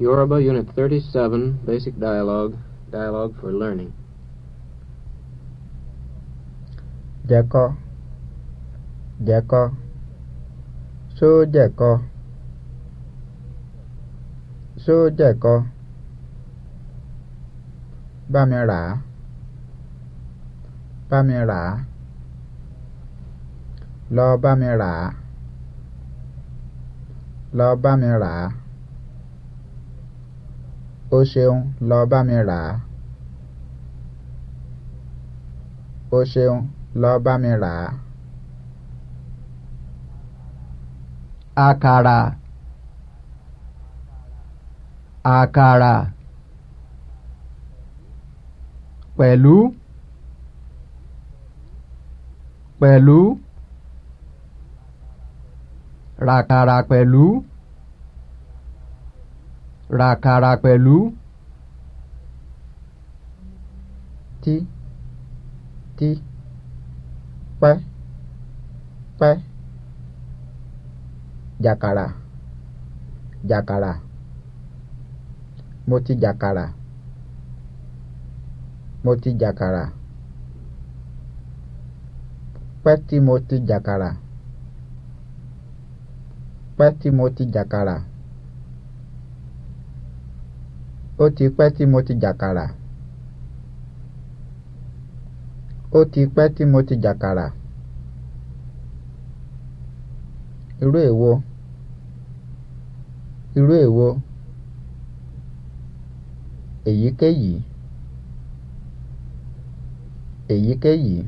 Yoruba Unit 37, Basic Dialogue, Dialogue for Learning. Deko, Deko, So Deko, So Deko, Bamira, Bamira, Lo Bamira, Lo Bamira. o ṣeun lọ bá mi rà á o ṣeun lọ bá mi rà á. àkàrà àkàrà pẹ̀lú pẹ̀lú ràkàrà pẹ̀lú ràkàrà pẹ̀lú ti, tí pẹ́ pẹ́ jàkàrà jàkàrà mo ti jàkàrà mo ti jàkàrà pẹ́ tí mo ti jàkàrà pẹ́ tí mo ti jàkàrà ó ti pẹ́ tí mo ti jàkàrà ó ti pẹ́ tí mo ti jàkàrà irú èwo irú èwo èyíkéyìí èyíkéyìí.